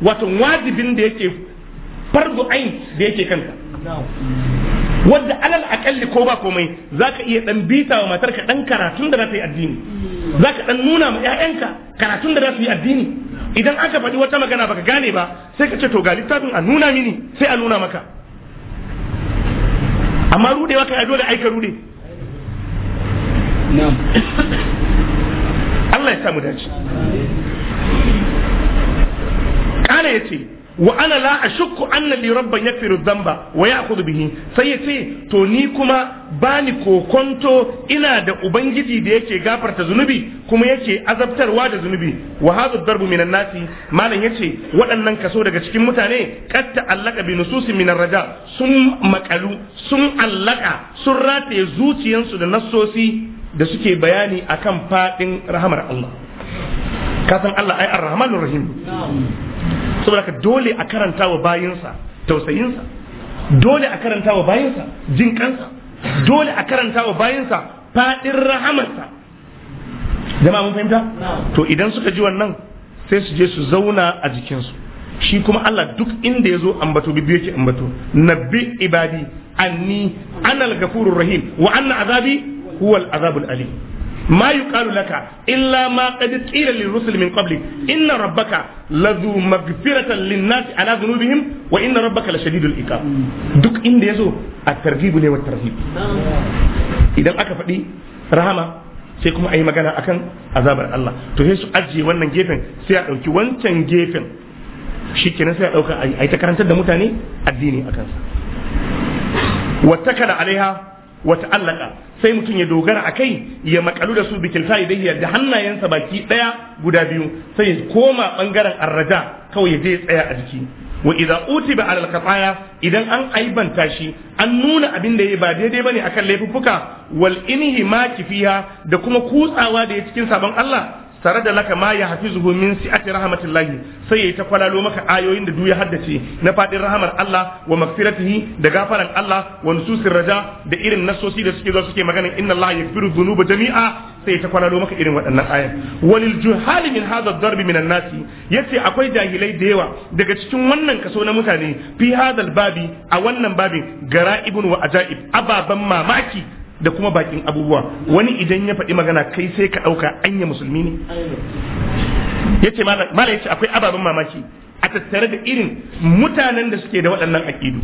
Speaker 1: wato wajibin da yake fardu ain da yake kanta wadda alal aƙalli ko ba komai za ka iya ɗan bita wa matarka dan karatun da za ta yi addini za ka ɗan nuna ma 'ya'yanka karatun da za su yi addini idan aka faɗi wata magana baka gane ba sai ka ce to ga littafin a nuna mini sai a nuna maka amma rudewa kai a dole aika rude Allah ya samu dace kana yace wa ana la ashukku anna annali, rabban yaghfiru dhanba wa ya'khudhu bihi sai yace to ni kuma bani kokonto ina da ubangiji da yake gafarta zunubi kuma yake azabtarwa da zunubi wa hadha darbu minan nasi ya yace waɗannan kaso daga cikin mutane qad ta'allaka bi nususin minar raja sun makalu sun allaka sun rataye zuciyansu da nassosi da suke bayani akan fadin rahamar Allah kasan Allah ai ar-rahmanur rahim saboda dole a karanta wa bayinsa tausayinsa dole a karanta wa bayinsa jin kansa dole a karanta wa bayinsa fadin rahamarsa jama'a mun fahimta to idan suka ji wannan sai su je su zauna a jikinsu shi kuma Allah duk inda ya zo ambato bibiyo yake ambato Nabi, ibadi anni Anal, al rahim wa anna azabi huwal azabul alim ما يقال لك إلا ما قد قيل للرسل من قبلك إن ربك لذو مغفرة للناس على ذنوبهم وإن ربك لشديد العقاب دك إن يزو الترغيب لي والترهيب إذا أكا فدي رحمة sai kuma a yi magana akan azabar Allah to sai su ajiye wannan gefen sai a ɗauki wancan gefen shi kenan sai a ɗauka a yi ta karantar da mutane addini a kansa wata kada alaiha wata allaka sai mutum ya dogara a kai ya makalu da su bikin ta idan da hannayensa baki ɗaya guda biyu sai ya koma ɓangaren arraja kawai ya je tsaya a jiki wa uti ba alal qataya idan an aibanta shi an nuna abin da ya ba daidai bane akan laifuffuka wal inhi ma kifiya da kuma kutsawa da ya cikin sabon Allah tare da laka ma ya hafizuhu min si'ati sai yayi ta kwalalo maka ayoyin da du ya haddace na fadin rahamar Allah wa magfiratihi da gafaran Allah wa nususir raja da irin nasosi da suke zo suke magana inna Allah yaghfiru dhunuba jami'a sai ta kwalalo maka irin waɗannan ayan walil juhali min hadha ad-darb min an-nas yace akwai jahilai da yawa daga cikin wannan kaso na mutane fi hadha babi a wannan babin gara'ibun wa ajaib ababan mamaki da kuma bakin abubuwa wani idan ya faɗi magana kai sai ka ɗauka anya musulmi ne ya ce mala ya ce akwai ababen mamaki a tattare da irin mutanen da suke da waɗannan aƙidu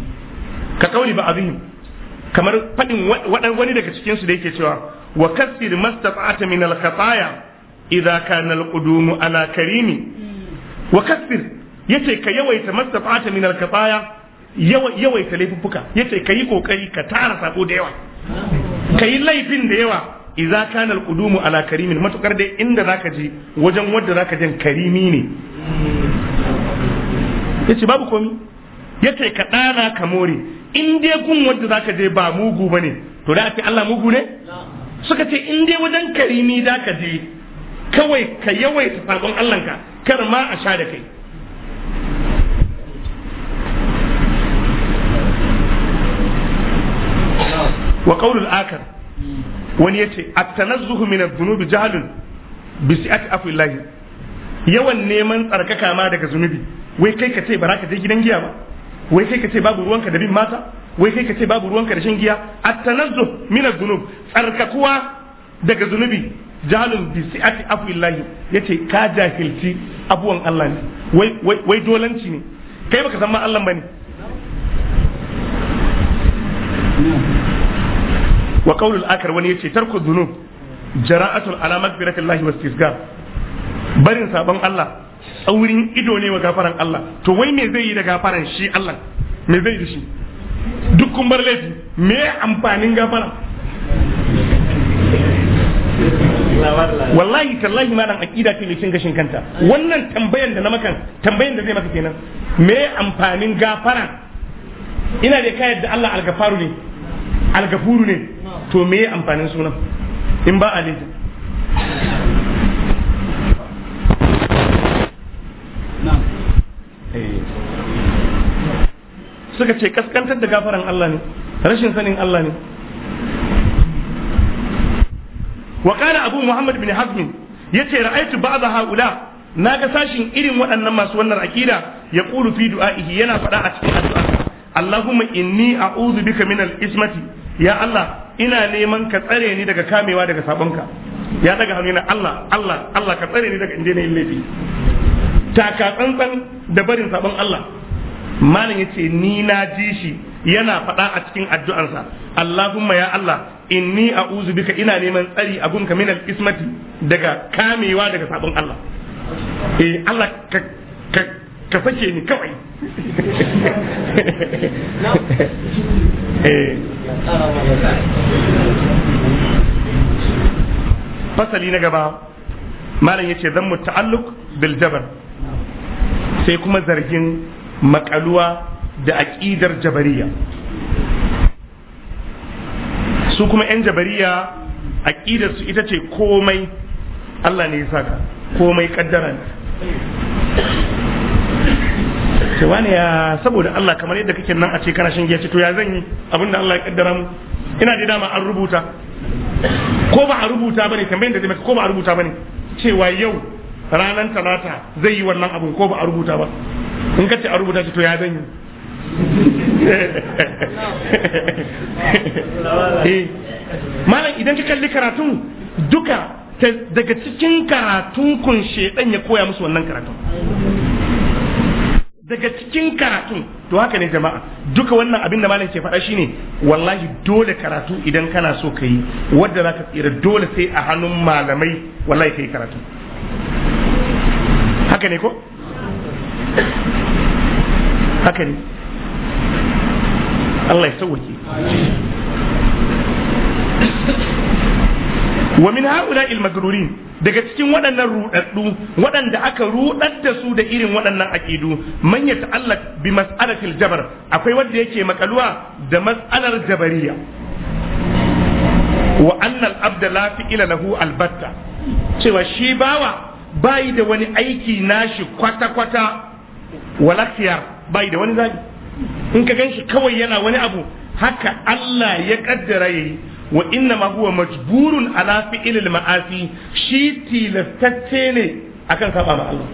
Speaker 1: ka kauli ba abin kamar faɗin wani daga cikinsu da yake cewa wa kasir mastata'ata min al-khataya idza kana al-qudumu ala karimi hmm. wa kasir yace ka yawaita mastata'ata min al-khataya yawaita laifuffuka ka kayi kokari ka tara sako da yawa ka yi laifin da yawa Iza kana alqudumu ala karimin matukar dai inda zaka je wajen wanda zaka je karimi ne yace babu komi yace ka dana ka more in dai kun wanda zaka je ba mugu bane to da ce Allah mugu ne suka ce in dai wajen karimi zaka je kawai ka yawaita sakon Allah ka kar ma a sha da kai wa qaulul akar wani yace at-tanazzuhu min adh-dhunubi jahlun bi si'ati afillahi yawan neman tsarkaka ma daga zunubi wai kai ka ce ba za ka je gidan giya ba wai kai ka ce babu ruwanka da bin mata wai kai ka ce babu ruwanka da shan giya at-tanazzuh min adh-dhunub tsarkakuwa daga zunubi jahalun bi si'ati afillahi yace ka jahilci abuwan Allah ne wai wai wai dolanci ne kai baka san ma Allah bane wa qaulul akar wani yace tarku dhunub jara'atul ala magfiratillahi wastisghar barin sabon Allah tsaurin ido ne wa gafaran Allah to wai me zai yi da gafaran shi Allah me zai yi da shi duk kun bar laifi me amfanin gafara wallahi tallahi ma nan akida ke cikin gashin kanta wannan tambayan da na makan tambayan da zai maka kenan me amfanin gafara ina da ka yadda Allah algafaru ne algafuru ne to me amfanin sunan in ba a lejin eh. suka ce kaskantar da gafaran Allah ne rashin sanin Allah ne wa kana abu muhammad bin hazmin yace ra'aytu ba'd haula naga sashin irin waɗannan masu wannan akida ya qulu fi du'a'ihi yana faɗa a cikin addu'a Allahumma inni a'udhu bika min al-ismati ya Allah ina neman ka tsare ni daga kamewa daga sabonka ya daga hannu na Allah Allah Allah ka tsare ni daga inda ne yin laifi taka tsantsan da barin sabon Allah malam yace ni na ji shi yana faɗa a cikin addu'ansa. Allahumma ya Allah inni a'udhu bika ina neman tsari a gunka min ismati daga kamewa daga sabon Allah eh Allah ka ka sake ni kawai eh. fasali na gaba malam ya ce zan mu ta'alluq bil jabar sai kuma zargin makaluwa da aqidar jabariya su kuma 'yan jabariya aqidar su ita ce komai Allah ne ya saka komai kaddara sai wani ya saboda Allah kamar yadda kake nan a ce kana shan giya ce to ya zan yi abinda Allah ya kaddara mu ina da dama an rubuta ko ba a rubuta bane tambayin da ko ba a rubuta bane cewa yau ranar talata zai yi wannan abun ko ba a rubuta ba in ka ce a rubuta ce to ya zan yi eh, malam idan ka kalli karatun duka daga cikin karatun kun shedan ya koya musu wannan karatun daga cikin karatun to haka ne jama'a duka wannan abin da malam ke faɗa shine wallahi dole karatu idan kana so ka yi wadda za ka tsira dole sai a hannun malamai wallahi ka yi karatu haka ne ko haka ne Allah ya sauwake wa min haula magrurin daga cikin waɗannan rudaddu waɗanda aka rudar da su da irin waɗannan aqidu man ya bi mas'alatil jabar akwai wanda yake makaluwa da mas'alar jabariya wa anna al-abda la fi'ila lahu cewa shi bawa bayi da wani aiki nashi kwata kwata wala khiyar bayi da wani zabi in ka ganshi kawai yana wani abu haka Allah ya kaddara yayi wa inna ma huwa majburun ala al ma'asi shi tilastacce ne akan saba ma Allah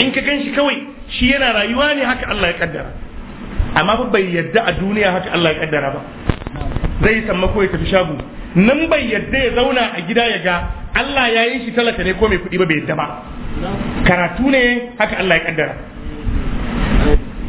Speaker 1: in ka ganshi kawai shi yana rayuwa ne haka Allah ya kaddara amma fa bai yadda a duniya haka Allah ya kaddara ba zai samma ko ya tafi shago nan bai yadda ya zauna a gida ya ga Allah ya yi shi talaka ne ko mai kuɗi ba bai yadda ba karatu ne haka Allah ya kaddara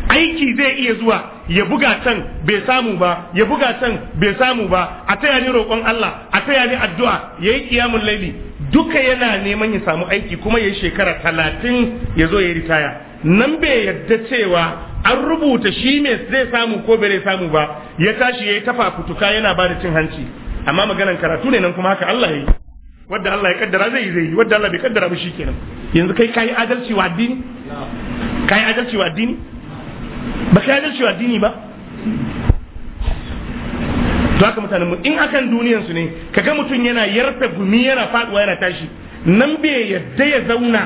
Speaker 1: aiki zai iya zuwa ya buga can bai samu ba ya buga can bai samu ba a taya ni roƙon Allah a taya ni addu'a ya yi kiyamun laili duka yana neman ya samu aiki kuma ya yi shekara talatin ya zo ya ritaya nan bai yadda cewa an rubuta shi me zai samu ko bai samu ba ya tashi yayi tafa futuka yana ba da cin hanci amma maganan karatu ne nan kuma haka Allah ya yi. wadda Allah ya kaddara zai yi zai yi wadda Allah bai kaddara ba shi kenan yanzu kai kai adalci wa addini kai adalci wa addini ba ka yadda wa addini ba to haka mutanen mu in akan duniyan su ne kaga mutum yana yarfe gumi yana faduwa yana tashi nan bai yadda ya zauna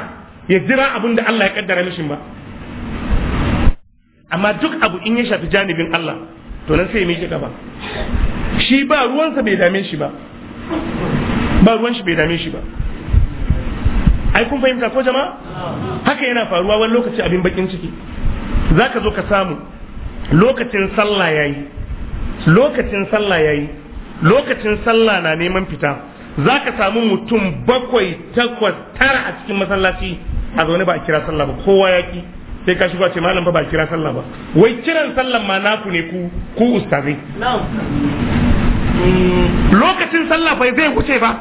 Speaker 1: ya jira abin da Allah ya kaddara mishin ba amma duk abu in ya shafi janibin Allah to nan sai ya miƙe gaba shi ba ruwansa bai dame shi ba ba ruwan shi bai dame shi ba ai kun fahimta ko jama'a haka yana faruwa wani lokaci abin bakin ciki za ka zo ka samu lokacin sallah ya yi lokacin sallah ya yi lokacin sallah na neman fita za ka samu mutum bakwai takwas tara a cikin masallaci a zaune ba a kira sallah ba kowa ya ki sai ka shigo ce malam ba ba kira sallah ba wai kiran sallah ma naku ne ku ku ustazai lokacin sallah bai zai wuce ba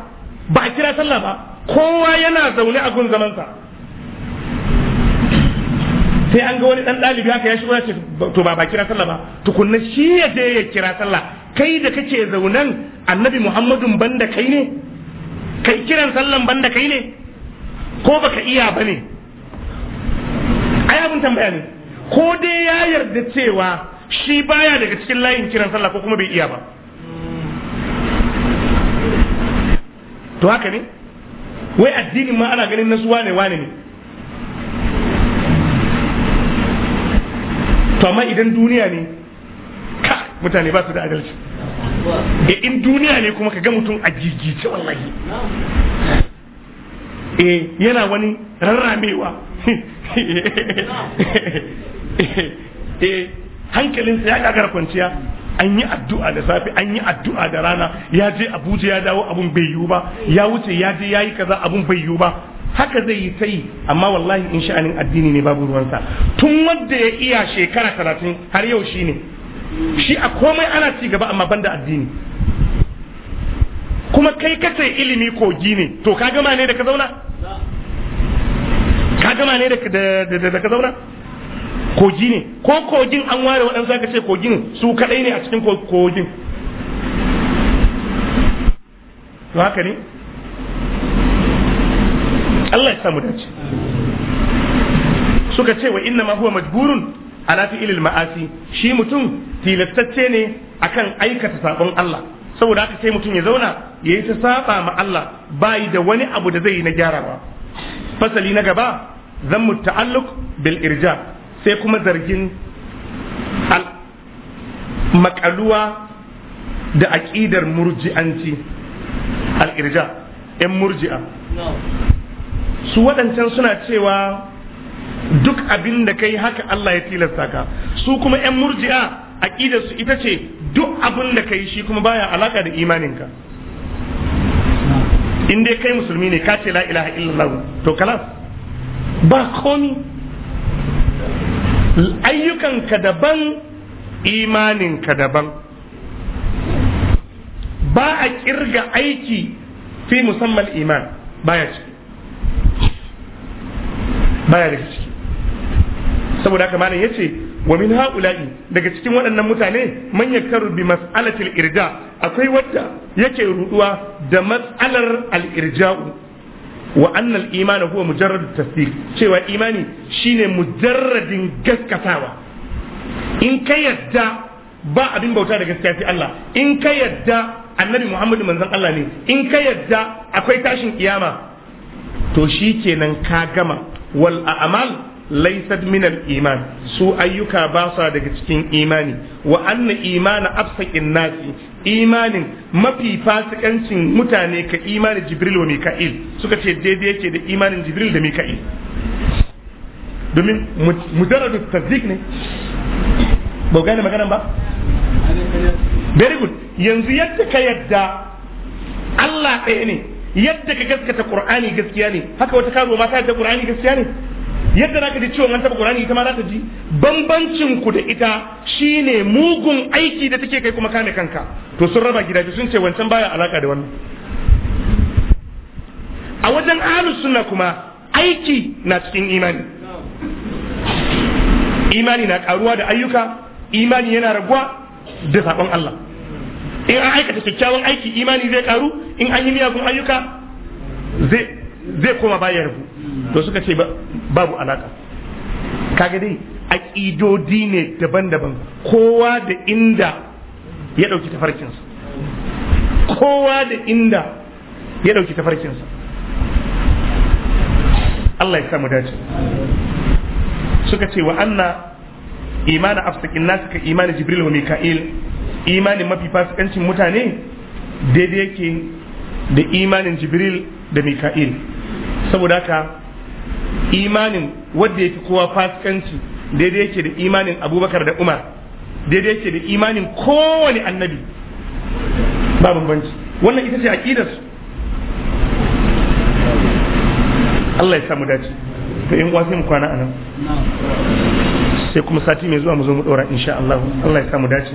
Speaker 1: ba a kira sallah ba kowa yana zaune a gun zamansa sai an ga wani dan ɗalibi haka ya shigo ya ce to ba ba kira sallah ba tukunna shi ya je ya kira sallah kai da kake zaunan annabi muhammadun banda kai ne kai kiran sallan banda kai ne ko baka iya ba ne ai abin tambaya ne ko dai ya yarda cewa shi baya daga cikin layin kiran sallah ko kuma bai iya ba to haka ne wai addinin ma ana ganin nasuwa ne wane ne to amma idan duniya ne ka mutane ba su da adalci e in duniya ne kuma ka ga mutum a gigice wallahi e yana wani rarramewa e hankalinsa ya gagara kwanciya an yi addu'a da safe an yi addu'a da rana ya je abuja ya dawo abun bai yiwu ba ya wuce ya je ya yi kaza abun bai yiwu ba haka zai yi ta amma wallahi in sha'anin addini ne babu ruwansa tun wanda ya iya shekara talatin har yau shi ne shi a komai ana ci gaba amma banda addini kuma kai ka kace ilimi kogi ne to ka gama ne da ka zauna ka gama ne da ka zauna kogi ne ko kogin an ware waɗansu zaka ce kogin su kaɗai ne a cikin kogin to haka ne Allah ya samu dace suka ce wa inna ma huwa majburun ala ilil ma'asi shi mutum tilastacce ne akan aikata sabon Allah saboda haka sai mutum ya zauna ya yi ta saba ma Allah bayi da wani abu da zai yi na gyarawa fasali na gaba zan ta'alluq bil irja sai kuma zargin al makaluwa da aqidar murji'anci al irja yan murji'a su waɗancan suna cewa duk abin da kai haka Allah ya tilasta ka su kuma 'yan murji'a aƙidar su ita ce duk abin da kai shi kuma baya alaka da imaninka in dai kai musulmi ne ka ce la ilaha illallah to kalas ba komi ayyukanka daban imaninka daban ba a kirga aiki fi musamman iman baya ciki baya daga ciki saboda haka malam yace wa min haula'i daga cikin waɗannan mutane man yakaru bi mas'alatil irja akwai wadda yake ruduwa da mas'alar al irja'u wa anna al iman huwa mujarrad tasdiq cewa imani shine mujarradin gaskatawa in ka yadda ba abin bauta da gaskiya sai Allah in ka yadda annabi Muhammadu manzon Allah ne in ka yadda akwai tashin kiyama to shikenan ka gama wal a'mal laysat min al-iman su ayyuka ba sa daga cikin imani wa anna imana afsaqin nasi imanin mafi fasikancin mutane ka imanin jibril wa mika'il suka ce dai dai yake da imanin jibril da mika'il domin mujarradu tasdik ne ba gane maganan ba very good yanzu yadda ka yadda Allah ɗaya ne yadda ka gaskata qur'ani gaskiya ne haka wata karuwa ma ta yadda qur'ani gaskiya ne yadda zaka ji cewa an taba qur'ani ita ma za ta ji bambancin ku da ita shine mugun aiki da take kai kuma kame kanka to sun raba gidaje sun ce wancan baya alaka da wannan a wajen ahlus sunna kuma aiki na cikin imani imani na karuwa da ayyuka imani yana raguwa da sabon Allah in an aikata kyakkyawan aiki imani zai karu in an yi miyagun ayyuka zai koma baya rabu to suka ce babu alaka kaga dai a aƙidodi ne daban-daban kowa da inda ya ɗauki tafarkinsa kowa da inda ya ɗauki tafarkinsa Allah ya samu dace suka ce wa anna imana afsakin nasu ka imani jibril wa mika'il imanin mafi fasikancin mutane daidai yake da imanin jibril da mika'il saboda haka imanin wadda yake kowa fasikanci daidai yake da imanin abubakar da umar daidai yake da imanin kowane annabi ba bambanci wannan ita ce aqidarsu Allah ya samu dace to in uwa sai mu kwana anan sai kuma sati mai zuwa mu zo mu dora insha Allah Allah ya samu dace